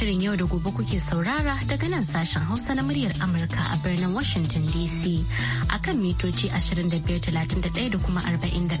Shirin yau da gobe kuke saurara daga nan sashen Hausa na muryar Amurka a birnin Washington DC akan mitoci 2531 da kuma 41.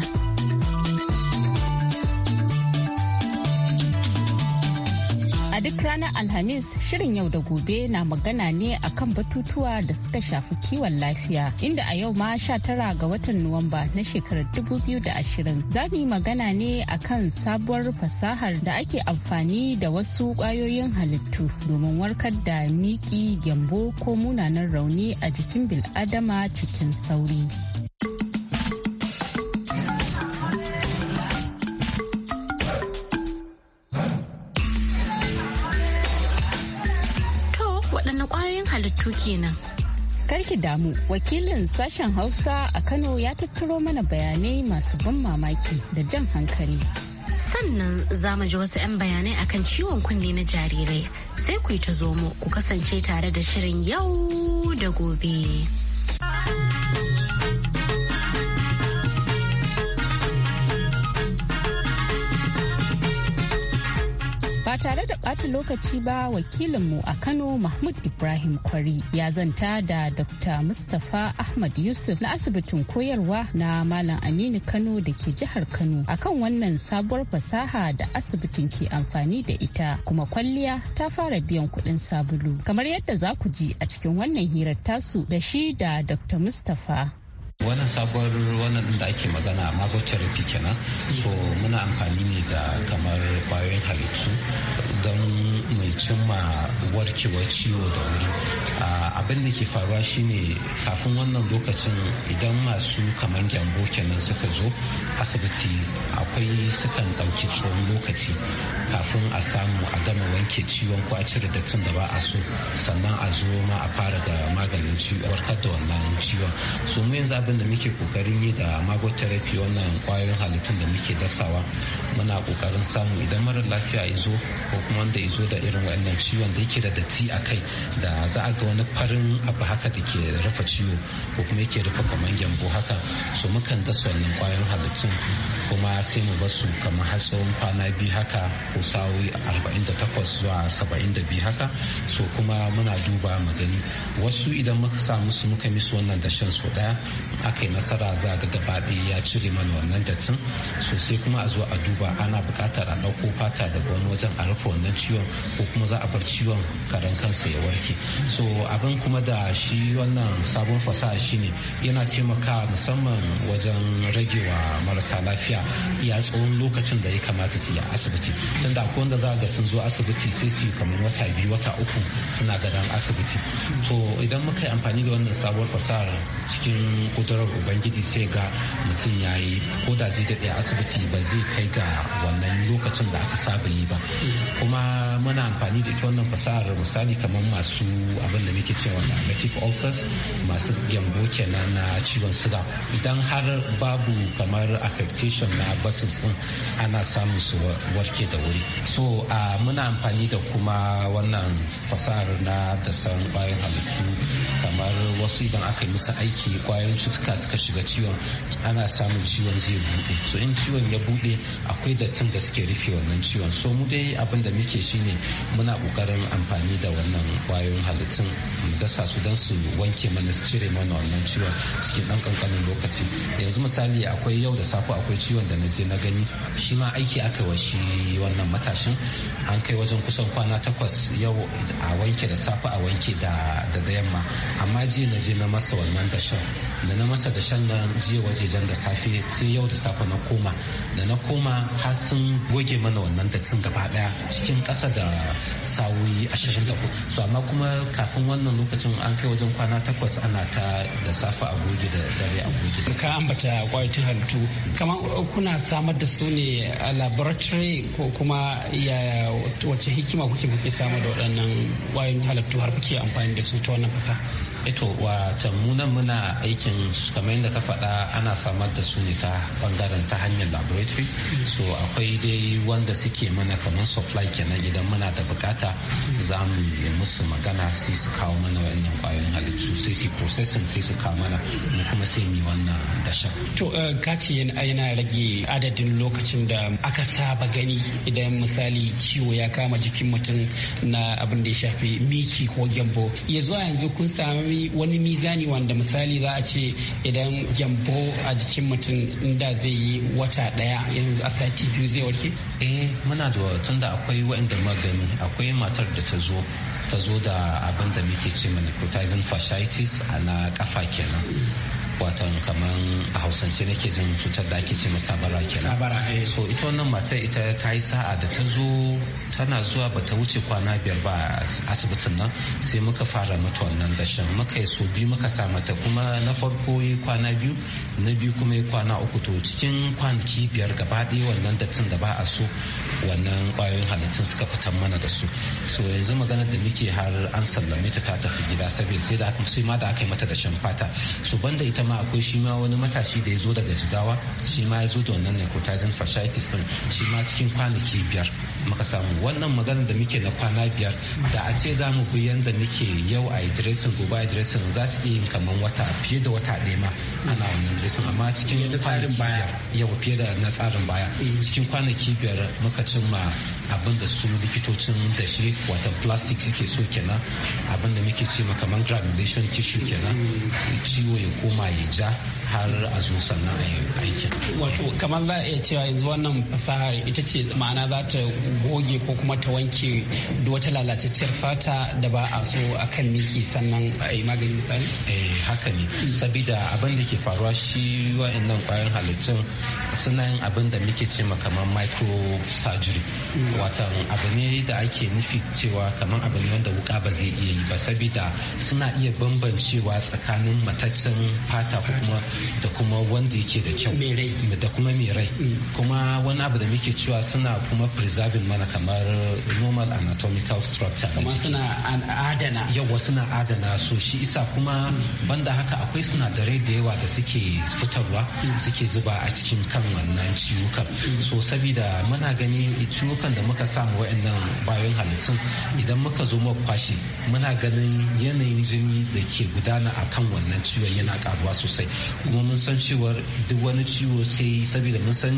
duk ranar Alhamis shirin yau da gobe na magana ne akan batutuwa da suka shafi kiwon lafiya inda a yau ma sha tara ga watan Nuwamba na shekarar dubu 2020 za mu yi magana ne akan sabuwar fasahar da ake amfani da wasu kwayoyin halittu domin warkar da miki gyambo ko munanan rauni a jikin bil'adama cikin sauri. waɗanne ƙwayoyin halittu kenan. Karki damu wakilin sashen Hausa a Kano ya tattaro mana bayanai masu ban mamaki da jan hankali. Sannan za mu ji wasu 'yan bayanai akan ciwon kunne na jarirai sai ku yi ta zomo ku kasance tare da shirin yau da gobe. tare da ɓata lokaci ba wakilinmu a Kano Mahmud Ibrahim Kwari ya zanta da Dr. Mustapha Ahmad Yusuf na asibitin koyarwa na Malam Aminu Kano da ke jihar Kano akan wannan sabuwar fasaha da asibitin ke amfani da ita kuma kwalliya ta fara biyan kuɗin sabulu. Kamar yadda za ku ji a cikin wannan hirar tasu da shi da Dr. Mustapha. wannan sabuwar wannan da ake magana a magotherapy kenan so muna amfani ne da kamar kwayoyin halittu don cimma warkewar ciwo da wuri abin da ke faruwa shine kafin wannan lokacin idan masu kamar gyambo kenan suka zo asibiti akwai sukan ɗauki tsohon lokaci kafin a samu a gama wanke ciwon ko a cire dattin da ba a so sannan a zo ma a fara ga maganin warkar da wannan ciwon so mu yanzu abin da muke kokarin yi da magot wannan kwayoyin halittun da muke dasawa muna kokarin samu idan mara lafiya ya zo ko kuma wanda ya zo da irin wannan ciwon da yake da datti a kai da za a ga wani farin abu haka da ke rufe ciwo ko kuma yake rufe kamar gyambo haka so mukan dasa wannan kwayoyin halittun kuma sai mu basu kamar har tsawon kwana biyu haka ko sa'o'i 48 zuwa 72 haka so kuma muna duba mu gani wasu idan muka sa musu muka misu wannan dashen su daya aka yi nasara za ga gaba ya cire mana wannan dattin sosai kuma a zo a duba ana buƙatar a ɗauko fata daga wani wajen a rufe wannan ciwon ko kuma za a bar ciwon karan kansa ya warke so abin kuma da shi wannan sabon fasaha shine yana taimaka musamman wajen ragewa marasa lafiya ya tsawon lokacin da ya kamata su yi asibiti tun akwai wanda za ga sun zo asibiti sai su yi kamar wata biyu wata uku suna gadon asibiti to idan muka yi amfani da wannan sabon fasaha cikin kudurar ubangiji sai ga mutum ya yi ko da zai daɗe asibiti ba zai kai ga wannan lokacin da aka saba yi ba kuma muna amfani da ita wannan fasahar misali kamar masu abin da muke cewa native ulcers masu gyambo kenan na ciwon suga idan har babu kamar affectation na basis din ana samun su warke da wuri so muna amfani da kuma wannan fasahar na da san bayan halittu kamar wasu idan aka yi musu aiki kwayoyin cutuka suka shiga ciwon ana samun ciwon zai buɗe so in ciwon ya buɗe akwai dattin da suke rufe wannan ciwon so mu dai abin da muke shine muna kokarin amfani da wannan kwayoyin halittun mu dasa su don su wanke mana su cire mana wannan ciwon cikin dan kankanin lokaci yanzu misali akwai yau da safe akwai ciwon da na je na gani shi ma aiki aka wa shi wannan matashin an kai wajen kusan kwana takwas yau a wanke da safe a wanke da da yamma amma jiya na je na masa wannan dashen da na masa dashen nan jiya wajejen da safe sai yau da safe na koma da na koma har sun goge mana wannan datsin gaba daya cikin kasa da sa'o'i 24 so amma kuma kafin wannan lokacin an kai wajen kwana takwas ana ta da safe a goge da dare a goge ka ambata kwayoyin halittu kamar kuna samar da su ne a laboratory ko kuma ya wace hikima kuke kuke samar da waɗannan kwayoyin halittu har kuke amfani da su ta wannan fasa ito eh wa munan muna aikin kamar yadda ka faɗa ana samar da su ne ta bangaren ta hanyar laboratory hmm. so akwai dai wanda suke mana kamar supply kenan idan muna da bukata za mu yi musu magana sai su kawo mana wayannan kwayoyin halittu sai su processing sai su kawo mana mu kuma sai mu wannan dasha to eh, kaci yana rage adadin lokacin da aka saba gani idan misali ciwo ya kama jikin mutum na abin da ya shafi miki ko gyambo ya zuwa yanzu kun sami wani mizani wanda misali za a ce idan gyambo a jikin mutum inda zai yi wata daya yanzu a sati biyu zai warke eh muna da tunda akwai waɗanda magani akwai matar da ta zo ta zo da abin da muke ce ma necrotizing fasciitis na kafa kenan watan kaman a hausance nake jin cutar da ake ce sabara kenan sabara eh. so ita wannan mata ita ta yi sa'a da ta zo tana zuwa ba ta wuce kwana biyar ba a asibitin nan sai muka fara mata wannan dashen muka yi so biyu muka sa mata kuma na farko yi kwana biyu na biyu kuma yi kwana uku to cikin kwanaki biyar gaba ɗaya wannan da ba a so wannan kwayoyin halittun suka fitan mana da su so yanzu maganar da muke har an sallame ta ta tafi gida saboda sai da sai ma da aka yi mata dashen fata so banda ita kuma akwai shi ma wani matashi da ya zo daga jigawa shi ma ya zo da wannan necrotizing fasciitis din shi ma cikin kwanaki biyar muka samu wannan magana da muke na kwana biyar da a ce za mu bi yadda muke yau a dressing gobe a dressing za su iya yin kamar wata fiye da wata ɗaya ma ana wannan dressing amma cikin kwanaki biyar yau fiye da na tsarin baya eh. cikin kwanaki biyar muka cimma abin da su likitocin da shi wata plastic suke so kenan abin da muke ce makaman granulation tissue kenan ciwo ya e koma ya ja har a zo sannan e, a yi wato kamar za a iya cewa yanzu wannan fasaha ita ce ma'ana za ta goge ko kuma ta wanke duk wata lalacecciyar fata da ba a so a kan miki sannan a yi magani misali? eh haka ne sabida abin da ke faruwa shi wa'annan kwayan halittun suna yin abin da muke ce kamar micro surgery mm. watan abu ne da ake nufi cewa kamar abu ne wanda wuka ba zai iya yi ba sabida suna iya bambancewa tsakanin mataccen fata ko kuma da kuma wanda yake da kyau da kuma mai rai mm. kuma wani abu da muke cewa suna kuma preserving mana kamar normal anatomical structure kuma suna adana yawa suna adana so shi isa kuma mm. banda haka akwai sinadarai da yawa da suke fitarwa mm. suke zuba a cikin kan wannan ciwukan so sabida muna gani ciwukan da muka samu wa'annan bayan halittun idan muka zo muka kwashe muna ganin yanayin jini da ke gudana a kan wannan ciwon yana karuwa sosai kuma mun san cewar duk wani ciwo sai saboda mun san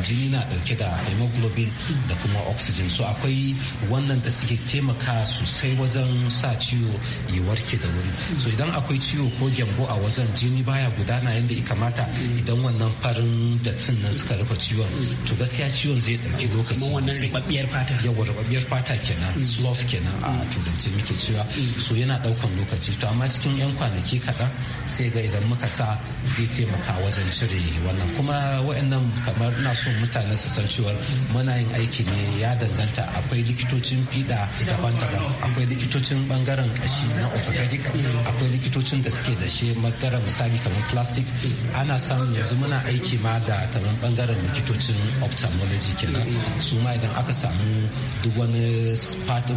jini na dauke da hemoglobin da kuma oxygen so akwai wannan da suke taimaka sosai wajen sa ciwo ya warke da wuri so idan akwai ciwo ko gyambo a wajen jini baya gudana yadda ya kamata idan wannan farin dattin nan suka rufe ciwon to gaskiya ciwon zai ɗauki lokaci rubabbiyar fata yawa rubabbiyar fata kenan mm. slof kenan a mm. turanci muke cewa mm. so yana daukan lokaci to amma cikin yan kwanaki kaɗan sai ga idan muka sa zai taimaka wajen cire wannan kuma wa'annan kamar ina so mutane su san cewa muna yin aiki ne ya danganta akwai likitocin fiɗa daban-daban akwai likitocin bangaren kashi na orthopedic akwai likitocin da suke da shi magara misali kamar plastic ana samun yanzu muna aiki ma da kamar bangaren likitocin ophthalmology kenan su ma idan aka samu duk wani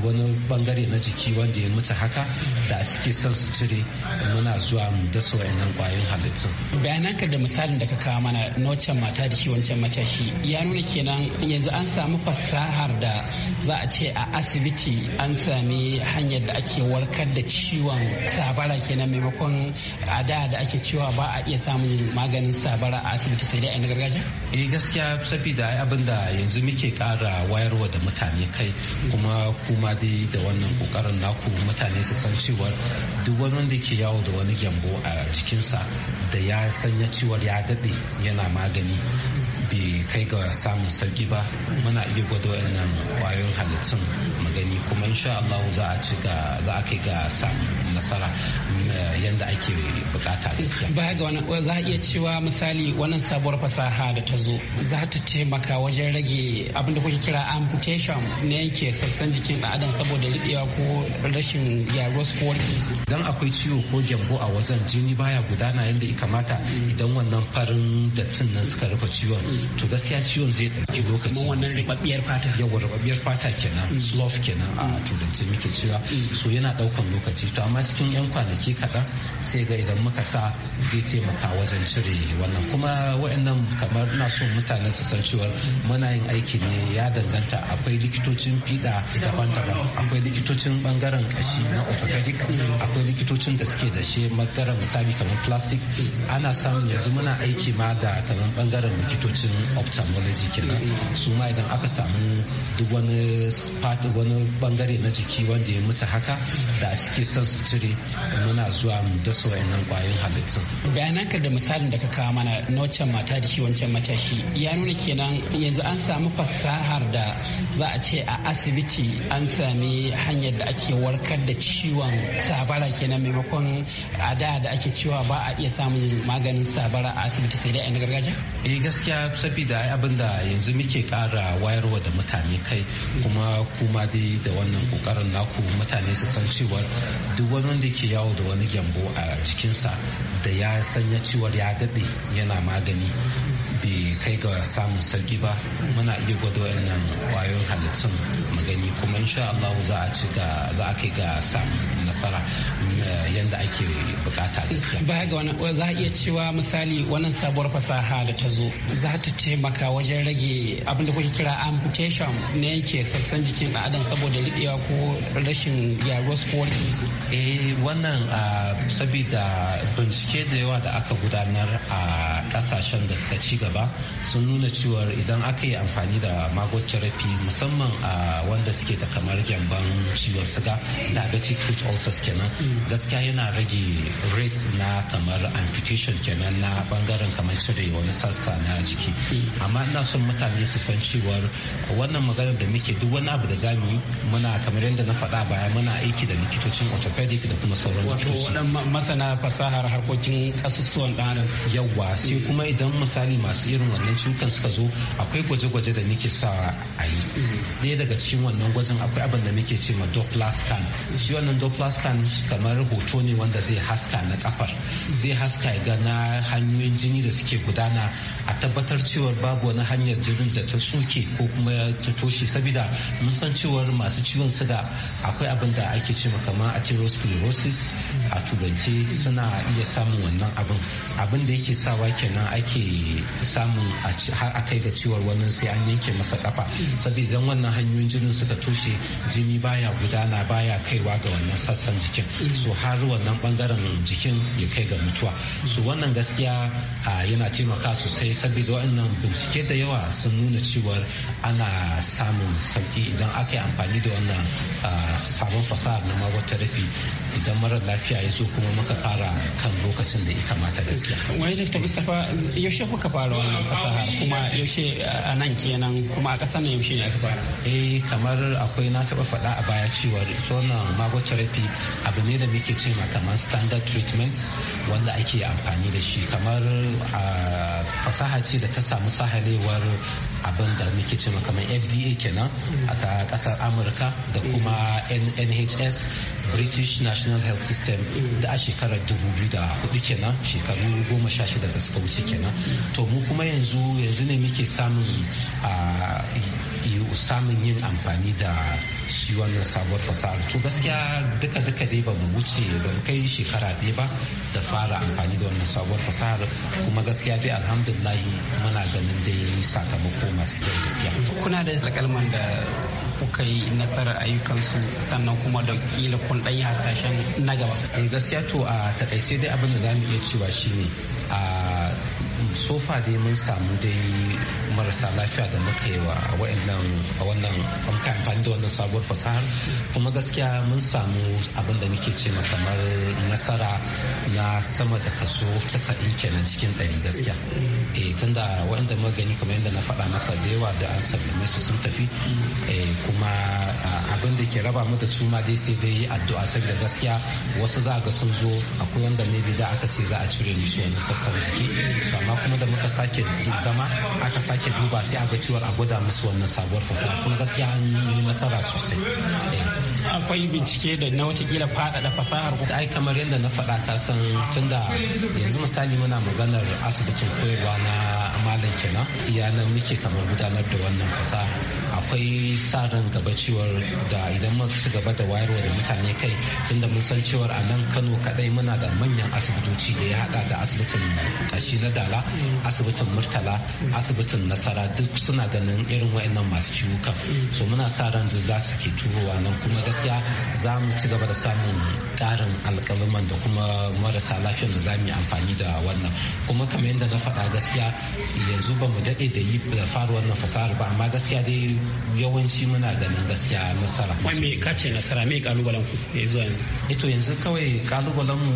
wani bangare na jiki wanda ya mutu haka da suke son su cire muna zuwa mu su wayannan kwayoyin halittun. ka da misalin da ka kawo mana na wancan mata da shi wancan matashi ya nuna kenan yanzu an samu fasahar da za a ce a asibiti an sami hanyar da ake warkar da ciwon sabara kenan maimakon a da da ake cewa ba a iya samun maganin sabara a asibiti sai dai a na gargajiya. eh gaskiya saboda abin da yanzu muke kara wayarwa da mutane kai kuma kuma dai da wannan kokarin naku mutane su san cewar duk wani wanda ke yawo da wani gyambo a jikinsa da ya sanya cewar ya dade yana magani bai kai ga samun sauki ba muna iya gwado wannan kwayoyin halittun magani kuma insha Allah za a ci ga za a kai ga samun nasara eh, yanda ake bukata baya ga wannan za a iya cewa misali wannan sabuwar fasaha da ta zo za ta taimaka wajen rage abin da kuke kira amputation ne yanke sassan jikin ɗan adam saboda riɗewa ko rashin gyaruwar su ko su dan akwai ciwo ko gyambo a wajen jini baya gudana yanda ya kamata idan wannan farin da nan suka rufe ciwon to gaskiya ciwon zai ɗauki lokaci kuma wannan ribabbiyar fata yawa ribabbiyar fata kenan mm. slough kenan a mm. turanci muke cewa mm. so yana ɗaukan lokaci to amma cikin yan kwanaki kaɗan sai ga idan muka sa zai taimaka wajen cire wannan kuma wa'annan kamar na so mutane su san cewa muna yin aiki ne ya danganta akwai likitocin fiɗa daban-daban akwai likitocin bangaren kashi na orthopedic akwai likitocin da suke da shi Magaran misali kamar plastic ana samun yanzu muna aiki ma da kamar bangaren likitocin wani jiki na su ma idan aka samu duk wani wani bangare na jiki wanda ya mutu haka da cikin son su cire muna zuwa mu dasa wayannan kwayoyin bayanan bayananka da misalin da ka kawo mana na wancan mata da shi wancan matashi ya nuna kenan yanzu an samu fasahar da za a ce a asibiti an sami hanyar da ake warkar da ciwon sabara kenan maimakon a da da ake cewa ba a iya samun maganin sabara a asibiti sai dai a gargajiya eh gaskiya saboda abin da yanzu muke kara wayarwa da mutane kai kuma kuma dai da wannan kokarin naku mutane su san cewar duk wani wanda ke yawo da wani gyambo a jikinsa da ya sanya cewar ya daɗe yana magani bai kai ga samun sauki ba muna iya gwada wayannan kwayoyin halittun magani kuma insha Allah za a ci za a kai ga samun nasara eh, yanda ake bukata ba baya ga wannan za a iya cewa misali wannan sabuwar fasaha da ta zo za ta taimaka wajen rage abin da kuke kira amputation na yake sassan jikin ɗan adam saboda riɗewa ko rashin gyaruwar su ko eh wannan saboda bincike da yawa da aka gudanar a kasashen da suka ci gaba sun nuna cewa idan aka yi amfani da magot therapy musamman a wanda suke da kamar gyamban ciwon suga diabetic foot ulcers kenan gaskiya yana rage rates na kamar amputation kenan na bangaren kamar cire wani sassa na jiki amma ina son mutane su san cewar wannan maganar da muke duk wani abu da za mu yi muna kamar yadda na faɗa baya muna aiki da likitocin orthopedic da kuma sauran likitoci masana fasahar harkokin kasusuwan ɗan yawa sai kuma idan misali masu masu irin wannan cutar suka zo akwai gwaje-gwaje da muke sa a yi ɗaya daga cikin wannan gwajin akwai abin da muke ce ma doppler scan shi wannan doppler kamar hoto ne wanda zai haska na kafar zai haska ya ga na hanyoyin jini da suke gudana a tabbatar cewar babu wani hanyar jinin da ta suke ko kuma ta toshe sabida mun san cewar masu ciwon suga akwai abin da ake ce kamar atherosclerosis a turanci suna iya samun wannan abin abin da yake sawa kenan ake samun har a kai ga ciwar wannan sai an yanke masa kafa saboda wannan hanyoyin jinin suka toshe jini baya gudana baya kaiwa ga wannan sassan jikin so har wannan bangaren jikin ya kai ga mutuwa so wannan gaskiya yana taimaka sosai saboda wannan bincike da yawa sun nuna cewar ana samun sauki idan aka yi amfani da wannan sabon fasahar na magwatarafi idan marar lafiya ya zo kuma muka fara kan lokacin da ya kamata gaskiya. Wai Dr. Mustapha yaushe kuka fara wannan kuma yaushe a nan kenan kuma a ƙasar na yaushe ne aka fara eh kamar akwai na taɓa faɗa a baya cewa ita wannan mago therapy abu ne da muke ce kamar standard treatment wanda ake amfani da shi kamar a fasaha ce da ta samu sahalewar abin da muke ce kamar fda kenan a ta kasar amurka da kuma nhs british national health system da a shekarar 2004 kenan shekaru goma sha shida da suka wuce kenan to mu kuma yanzu yanzu ne muke samun samun yin amfani da shi wannan sabuwar fasahar to gaskiya duka duka dai ba mu wuce ba mu kai shekara ɗaya ba da fara amfani da wannan sabuwar fasahar kuma gaskiya dai alhamdulillah muna ganin dai sakamako masu kyau gaskiya kuna da tsakalman da kuka yi nasarar ayyukansu sannan kuma da kila kun yi hasashen na gaba eh, gaskiya to a takaice dai abin da za mu iya cewa shine a sofa dai mun samu dai marasa lafiya da muka yi wa wannan amka amfani da wannan sabuwar fasahar kuma gaskiya mun samu abin da muke ce kamar nasara na sama da kaso 90 kenan cikin ɗari gaskiya eh tunda waɗanda magani kamar yadda na faɗa maka da yawa da an sallame su sun tafi eh, kuma abin da ke raba mu da su ma dai sai dai addu'a da gaskiya wasu za ga sun zo akwai wanda mai da aka ce za a cire musu wani sassan jiki amma kuma da muka sake zama aka sake duba sai a ga cewar a gwada musu wannan sabuwar fasaha kuma gaskiya an yi nasara sosai akwai bincike da na wata watakila faɗaɗa fasahar ku ai kamar yadda na faɗa ka san tunda yanzu misali muna maganar asibitin koyarwa na malam kenan iyalan muke kamar gudanar da wannan fasaha akwai sa ran gaba cewar da idan muka ci gaba da wayarwa da mutane kai tunda mun san cewar a nan Kano kaɗai muna da manyan asibitoci da ya hada da asibitin kashi na dala asibitin murtala asibitin nasara duk suna ganin irin wayannan masu ciwukan so muna sa ran da za su ke turowa nan kuma gaskiya za mu ci gaba da samun ƙarin alƙaluman da kuma marasa lafiyar da za mu yi amfani da wannan kuma kamar yadda na faɗa gaskiya yanzu ba mu daɗe da yi da fara wannan fasahar ba amma gaskiya dai yawanci muna ganin gaskiya nasara. Wai me ka ce nasara me kalubalen ku ya zuwa yanzu? Ito yanzu kawai kalubalen mu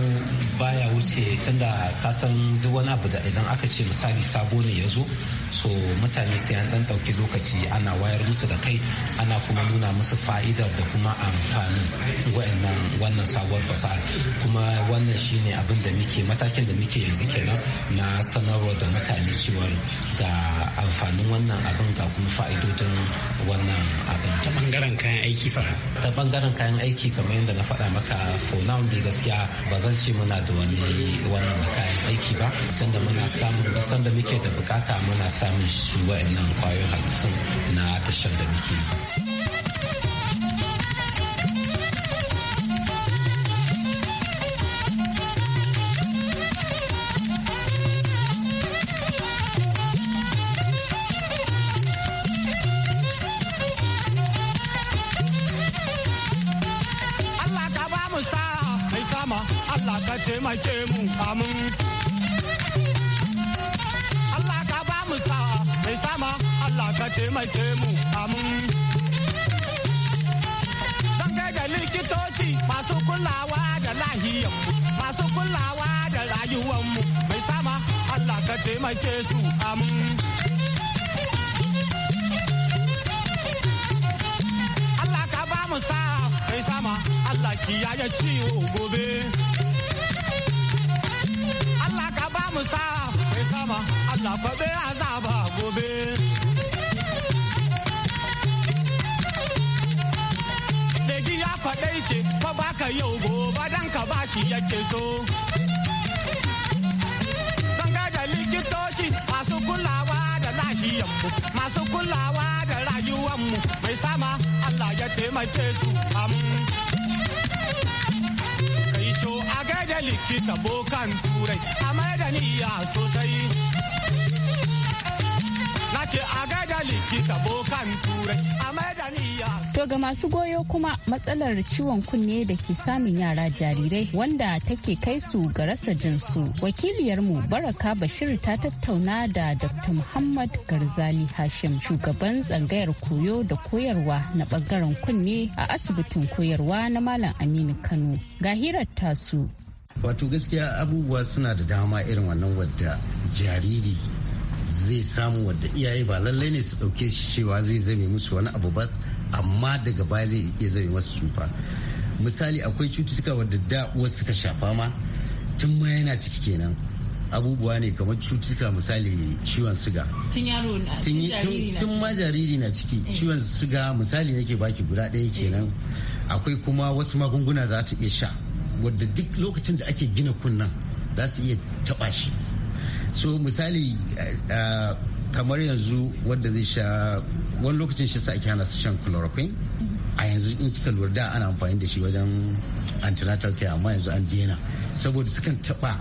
baya wuce tunda ka san duk wani abu da idan aka ce misali sabo ne ya zo so mutane sai an dan ɗauki lokaci ana wayar musu da kai ana kuma nuna musu fa'idar da kuma amfanin wa'annan wannan sabuwar fasahar kuma wannan shine abin da muke matakin da muke yanzu kenan na sanarwa da mutane cewa ga amfanin wannan abin ga kuma fa'idodin wannan abin ta bangaren kayan aiki fa ta bangaren kayan aiki kamar yadda na faɗa maka for now dai gaskiya ba zan ce muna da wani wannan kayan aiki ba tunda muna samun duk sanda muke da bukata muna samun su wa'annan kwayoyin halittun na tashar da muke yi. Allah ka taimake mu amin. ka taimake mu amin. Zan kai da likitoci masu kulawa da lahiyar masu kulawa da rayuwanmu mai sama Allah ka taimake su amin. Allah ka ba mu sa mai sama Allah kiyaye ciwo gobe. Allah ka ba mu sa mai sama Allah fa bai azaba gobe. faɗai ce fa baka yau gobe dan ka bashi yake so zanga da likitoci masu kulawa da lahiyanmu masu kulawa da rayuwanmu mai sama Allah ya taimake su am kai co a gaida likita bokan turai a mai da niyya sosai To ga masu goyo kuma matsalar ciwon kunne da ke samun yara jarirai wanda take kai su ga rasa jinsu. Wakiliyarmu Baraka Bashir ta tattauna da Dr. Muhammad Garzali Hashim shugaban tsangayar koyo da koyarwa na bangaren kunne a asibitin koyarwa na Malam Aminu Kano. Ga hirar tasu. Wato gaskiya abubuwa suna da dama irin wannan wadda jariri zai samu wadda iyaye ba lallai ne su ɗauke shi cewa zai zame musu wani abu ba amma daga baya zai iya zame masu sufa misali akwai cututtuka wadda da wasu suka shafa ma tun ma yana ciki kenan abubuwa ne kamar cututtuka misali ciwon suga tun yaro tun ma jariri na ciki eh. ciwon suga misali nake baki guda ɗaya eh. kenan akwai kuma wasu magunguna za ta iya sha wadda duk lokacin da ake gina kunnan za su iya taɓa shi so misali eh, eh, kamar yanzu wanda zai sha wani lokacin shi sa ake hana su shan chloroquine a yanzu in kika lura da ana amfani da shi wajen antenatal care amma yanzu an daina saboda sukan taba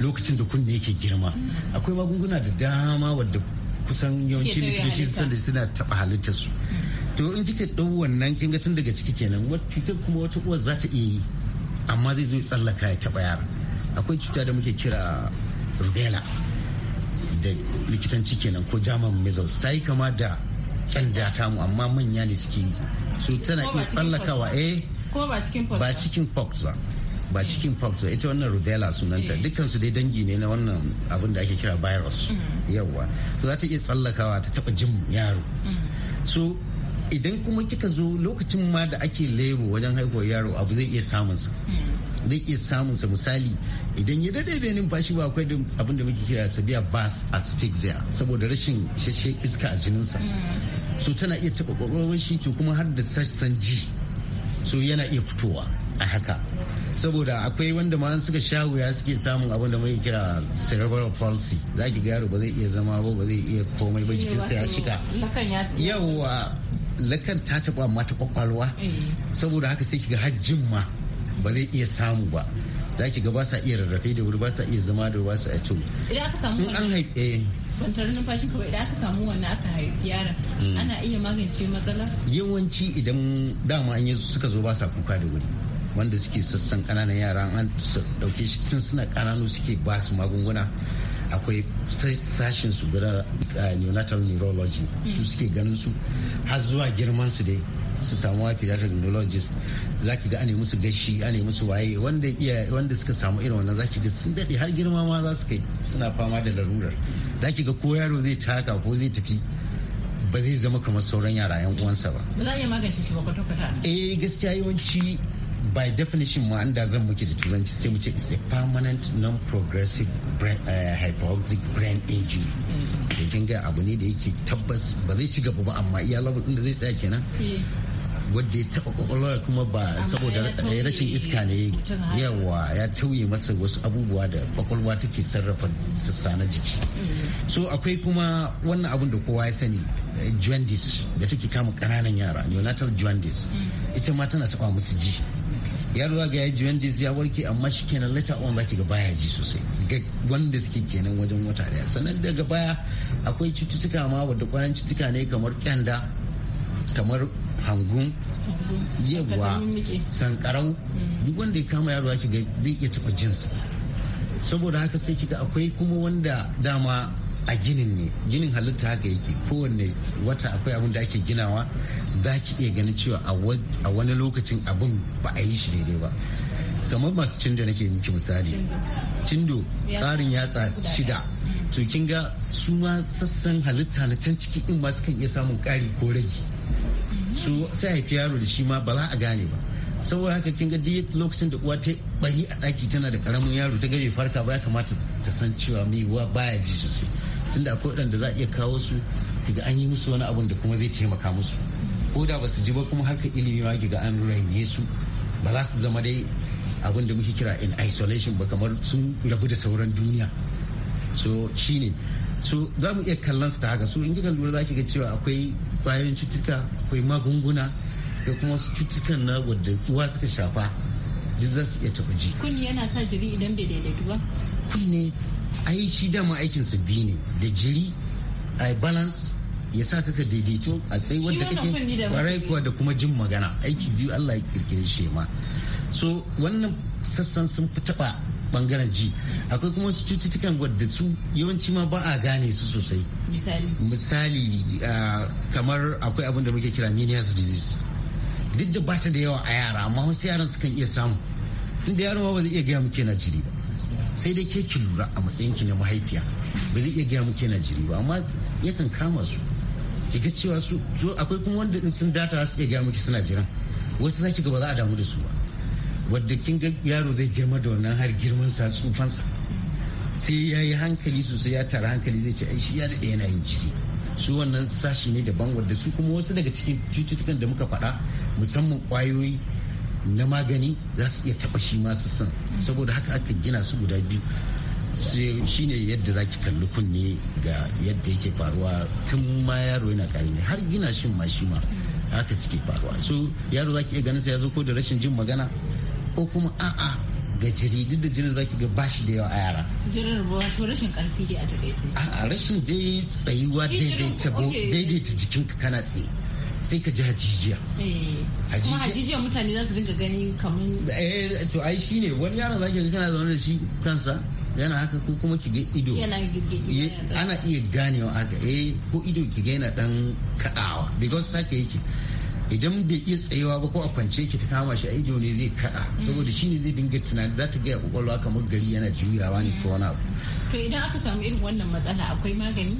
lokacin da kunne yake girma akwai magunguna da dama wadda kusan yawancin likitoci sanda suna taba halittar su to in kika dau wannan kin ga tun daga ciki kenan wata cutar kuma wata uwar za ta iya yi amma zai zo tsallaka ya taba yara akwai cuta da muke kira rubella da likitanci kenan ko german measles ta yi kama da da ta mu amma manya ne suke yi su tana iya tsallakawa eh ba cikin pox ba ba cikin pox ba eh. ita wannan rubella sunanta eh. dukansu dai dangi ne na wannan abin da ake kira virus mm-hmm. Yawwa to za ta iya tsallakawa ta taba jin yaro mm-hmm. so idan kuma kika zo lokacin ma da ake lebo wajen haihuwar yaro abu zai iya samun samunsa mm. zai iya samunsa misali idan ya daɗe bai numfashi ba akwai abin da muke kira sabiya bas asphyxia saboda rashin shashe iska a jinin sa. Mm. so tana iya taɓa ƙwaƙwalwar shi to kuma har da sassan ji so yana iya fitowa a haka saboda akwai wanda ma suka sha wuya suke samun abin da muke kira cerebral palsy za ki ga yaro ba zai iya zama ba ba zai iya komai ba sa ya shika yawa lakan ta taɓa mata kwakwalwa? Eh. saboda haka sai ki ga hajjin ma ba zai iya samu ba za ki ga ba sa iya rarrafe da wuri ba sa iya zama da ba sa a ciwo idan aka samu an haife eh. ban tarin numfashi ko idan aka samu wannan aka haifi yara. Hmm. ana iya magance matsalar yawanci idan dama an yi suka zo ba sa kuka da wuri wanda suke sassan kananan yara an dauke shi tun suna kananu suke ba su magunguna akwai sashin su guda eh, neonatal neurology su suke ganin su har zuwa girman su dai su samu pediatric neurologist za ki ga ane musu gashi ane musu waye wanda iya wanda suka samu irin wannan za ki ga sun daɗe har girma ma za su kai suna fama da larurar za ki ga ko yaro zai taka ko zai tafi ba zai zama kamar sauran yara yan uwansa ba. Ba za iya magance shi ba kwata-kwata. Eh gaskiya yawanci by definition ma an da zan muke da turanci sai mu ce it's a permanent non-progressive brain, uh, hypoxic brain injury da mm. kin ga abu ne da yake tabbas ba zai ci gaba ba amma iya labar inda zai tsaya kenan eh. wadda ya taɓa kwakwalwar kuma ba saboda rashin iska ne yawa ya tauye masa wasu abubuwa da kwakwalwa take sarrafa sassa na jiki mm-hmm. so akwai kuma wannan abun da kowa ya sani eh, jaundice da take kama kananan yara neonatal jaundice mm-hmm. ita ma tana taɓa musu ji yaro ga ya jaundice ya warke amma shi kenan later on zaki ga baya ji sosai ga wanda suke kenan wajen wata daya sannan daga baya akwai cututtuka ma wadda kwanan cututtuka ne kamar kyanda kamar hangun yawa sankarau mm. duk wanda ya kama yaro ake ga zai iya taba jinsa saboda haka sai kiga akwai kuma wanda dama a ginin ne ginin halitta haka yake kowanne wata akwai abin da ake ginawa za ki iya ganin cewa a wani lokacin abin ba a yi shi daidai ba kamar masu cindo nake miki misali cindo tsarin yatsa shida to kin ga su ma sassan halitta na can ciki in ma kan iya samun kari ko rage su sai haifi yaro da shi ma ba za a gane ba saboda haka kin ga duk lokacin da uwa ta bari a daki tana da karamin yaro ta gabe farka ba ya kamata ta san cewa mai uwa baya ji sosai tunda akwai waɗanda za a iya kawo su kiga an yi musu wani abun da kuma zai taimaka musu ko da ba su ji ba kuma harkar ilimi ma kiga an raine su ba za su zama dai abin da muke kira in isolation ba kamar sun rabu da sauran duniya so shine so za mu iya kallon su ta haka so in kika lura za ki ga cewa akwai kwayoyin cutuka akwai magunguna da kuma wasu cutukan na wadda uwa suka shafa duk za su iya taɓa ji Kunni yana sa jiri idan bai daidaitu ba Kunni ai shi dama aikin su biyu ne da jiri a balance ya sa kaka daidaito a tsayi wadda kake kwarai kuwa da kuma jin magana aiki biyu Allah ya kirkire shi ma so wannan sassan sun fi taɓa bangaren ji akwai kuma su cututtukan wadda su yawanci ma ba a gane su sosai misali kamar akwai abin da muke kira menias disease duk da bata da yawa a yara amma wasu yaran sukan iya samu da yaro ma ba zai iya gaya muke na jiri ba sai dai ke ki lura a matsayin ki na mahaifiya ba zai iya gaya muke na jiri ba amma yakan kama su ki ga cewa su akwai kuma wanda in sun data za su iya gaya muke suna jiran wasu zaki ga ba za a damu da su ba wadda kin ga yaro zai girma da wannan har girman sa tsufansa sai ya yi hankali sosai ya tara hankali zai ce ai shi ya da yana yin jiri su wannan sashi ne daban wadda su kuma wasu daga cikin cututtukan da muka faɗa musamman ƙwayoyi na magani za su iya taɓa shi masu san saboda haka aka gina su guda biyu shi ne yadda za ki kalli kunne ga yadda yake faruwa tun ma yaro yana ƙarami har gina shin ma shi ma haka suke faruwa so yaro za ki iya ganin sa ya zo ko da rashin jin magana ko kuma a'a ga jiri duk da jirin zaki ga bashi da yawa a yara. Jirin wato rashin karfi dai a takaice. A'a rashin dai tsayuwa daidaita jikinka kana tsaye. sai ka ji hajijiya. Eh, kuma hajijiya mutane za su dinga gani kamar. Eh to ai shine wani yaron zaki ga kana zaune da shi kansa yana haka ko kuma ki ga ido eh, ana iya ganewa haka eh ko ido ki ga yana dan kadawa because sake yake idan bai iya tsayewa ba ko a kwance ki ta kama shi ai ne zai kada mm. saboda shi ne zai dinga tunani za ta gaya kwakwalwa kamar gari yana juyawa ne ko mm. wani abu to idan aka samu irin wannan matsala akwai magani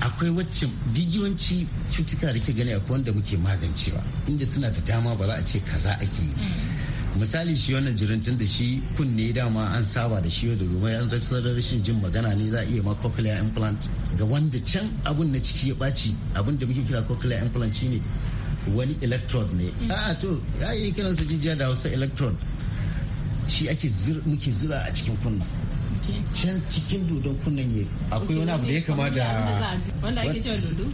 akwai wacce digiyanci cutuka da ke gani akwai wanda muke magancewa inda suna da dama ba za a ce kaza ake yi mm. misali shi wannan tun da shi kunne dama an saba da shi da rumai an rasar rashin jin magana ne za a iya ma cochlear implant ga wanda can abun na ciki ya ɓaci abun da muke kira cochlear implant shine wani electrode ne mm. a'a to yi kiran su jijiya da Hausa electrode shi ake muke zura a cikin kunna can cikin dodon kunnan ne akwai wani abu da ya kama da wanda ake cewa dodo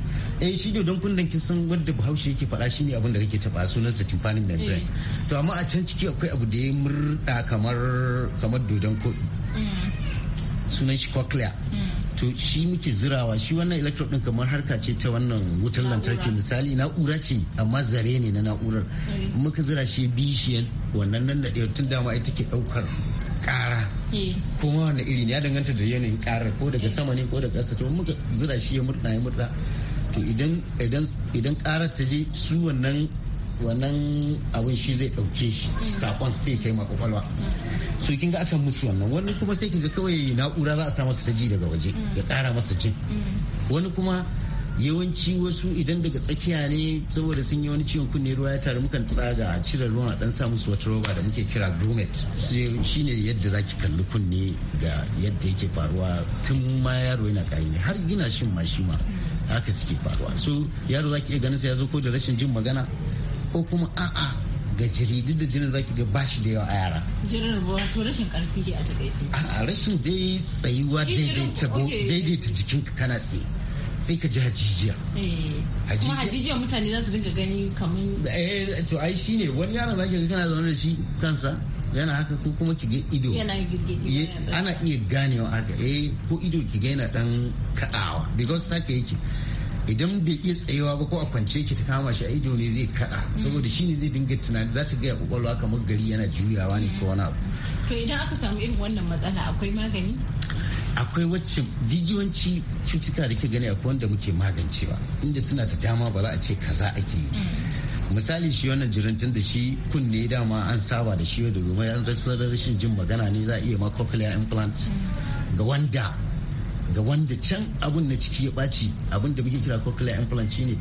eh shi dodon kunnan kin san wanda Bahaushe yake faɗa ne abin da kake taba sunan sa tympanic membrane eh. to amma a can ciki akwai abu da ya murda kamar kamar dodon koɗi mm. sunan shi cochlear to shi muke zirawa shi wannan electrode din kamar harka ce ta wannan wutar lantarki misali na'ura ce amma zare ne na na'urar muka zira shi bishiyar wannan nan da tun dama ita ke daukar kara e. kuma wannan iri ne ya danganta da yanayin karar ko daga sama ne ko daga ƙasa to muka zira shi ya murna ya murna to idan idan idan karar ta je su wannan wannan abin shi zai ɗauke shi sakon sai kai ma kwakwalwa so kin ga aka musu wannan wani kuma sai kin ga kawai na'ura za a sa masa ta ji daga waje ya kara masa jin wani kuma yawanci wasu idan daga tsakiya ne saboda sun yi wani ciwon kunne ruwa ya taru mukan tsaga a cire ruwan a dan sa musu wata roba da muke kira grommet shi ne yadda zaki kalli kunne ga yadda yake faruwa tun ma yaro yana karimi har gina shin ma shi ma haka suke faruwa so yaro zaki iya ganin sa ya zo ko da rashin jin magana ko kuma a'a ga jiri da jinin zaki ga bashi da yawa a yara. Jinin wato rashin karfi ke a takaice. A rashin dai tsayuwa ta jikin ka kana tsaye. sai ka ji eh, hajijiya. Kuma hajijiya mutane za su dinga gani kamar. Eh to ai shine wani yaron zaki ga kana zaune da shi kansa yana haka ko kuma ki ga ido eh, ana iya ganewa haka eh ko ido ki ga yana dan kadawa because sake yake idan bai iya tsayawa ba ko a kwance ki ta kama shi a ido ne zai kada saboda shi ne zai dinga tunani za ta gaya kwakwalwa kamar gari yana juyawa ne ko wani abu to idan aka samu irin wannan matsala akwai magani akwai wacce jijiyoyin cutuka da ke gani akwai wanda muke magancewa inda suna ta dama ba za a ce kaza ake yi mm. misali shi wannan jirintun da shi kunne dama an saba da shi yau da goma ya an rashin jin magana ne za a iya ma cochlear implant mm. ga wanda ga wanda can abun na ciki ya ɓaci abun da muke kira cochlear implant ne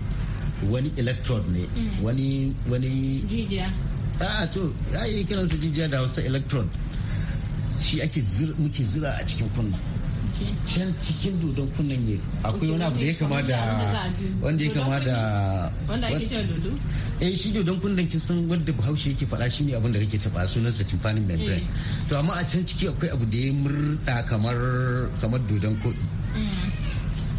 wani electrode ne mm. wani wani jijiya a to ya yi kiransa jijiya da hausa electrode shi ake muke zira a cikin kunna can cikin dodon kunnen ne akwai wani abu da ya kama da wanda ya kama da wanda ake cewa dodo eh shi dodon kunnen kin san wanda bahaushe yake faɗa shine abin da kake taba sa tympanic membrane eh. to amma a can ciki akwai abu da ya murda kamar kamar dodon koɗi mm.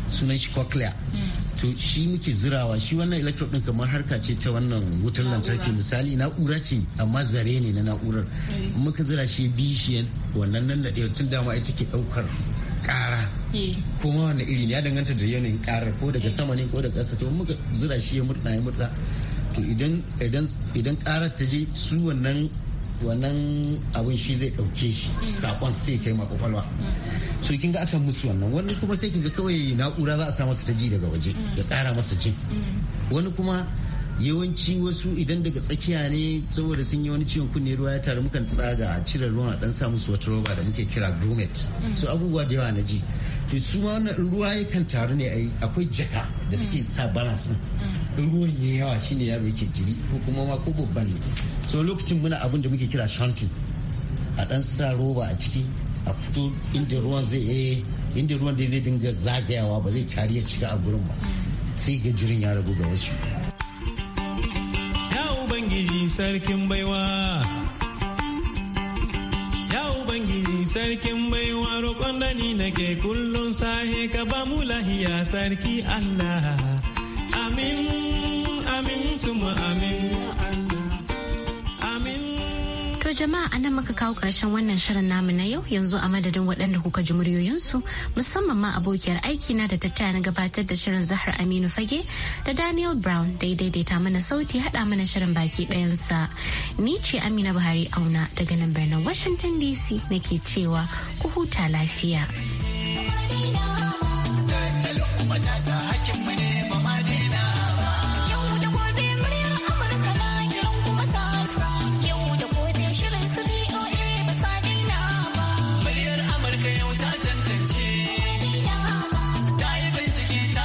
sunan shi cochlea mm. to shi muke zirawa shi wannan electrode din kamar harka ce ta wannan wutar lantarki misali na'ura ce amma zare ne na na'urar eh. muka zira shi bishiyan wannan nan da tun dama ita ke ɗaukar Eh. kuma wani iri ya danganta da yanayin karar ko daga sama ne ko daga to muka zira shi ya murna ya murna to idan karar ta je su wannan wannan abin shi zai ɗauke shi mm. sakon sai kai ma kwakwalwa mm. so kin ga aka musu wannan wani kuma sai kin ga kawai na'ura za a sa masa ta ji daga waje mm. ya kara masa ji wani kuma yawanci wasu idan daga tsakiya ne saboda sun yi wani ciwon kunne ruwa ya taru mukan tsaga a cire ruwan a dan sa musu wata roba da muke kira grumet so abubuwa da yawa na ji su ruwa yakan taru ne ayi akwai jaka da take sa balance ruwan ya yawa shine yaro yake jiri ko kuma ma ko babban ne so lokacin muna abin da muke kira shanting a dan sa roba a ciki a fito inda ruwan zai eh, inda ruwan da zai dinga zagayawa ba zai tari ya cika a gurin ba sai ga jirin ya ragu ga wasu ya ubangiji sarkin baiwa sarkin baiwa roƙon da ni nake kullum sahe ka ba mu lahiya sarki Allah amin amin tuma amin jama'a anan muka kawo karshen wannan shirin namu na yau yanzu a madadin waɗanda kuka ji muryoyinsu musamman ma abokiyar aiki na da tattaya na gabatar da shirin Zahar Aminu Fage da Daniel Brown da daidaita mana sauti haɗa mana shirin baki ɗayansa. Ni ce Amina Buhari Auna daga nan birnin Washington DC nake cewa ku huta lafiya.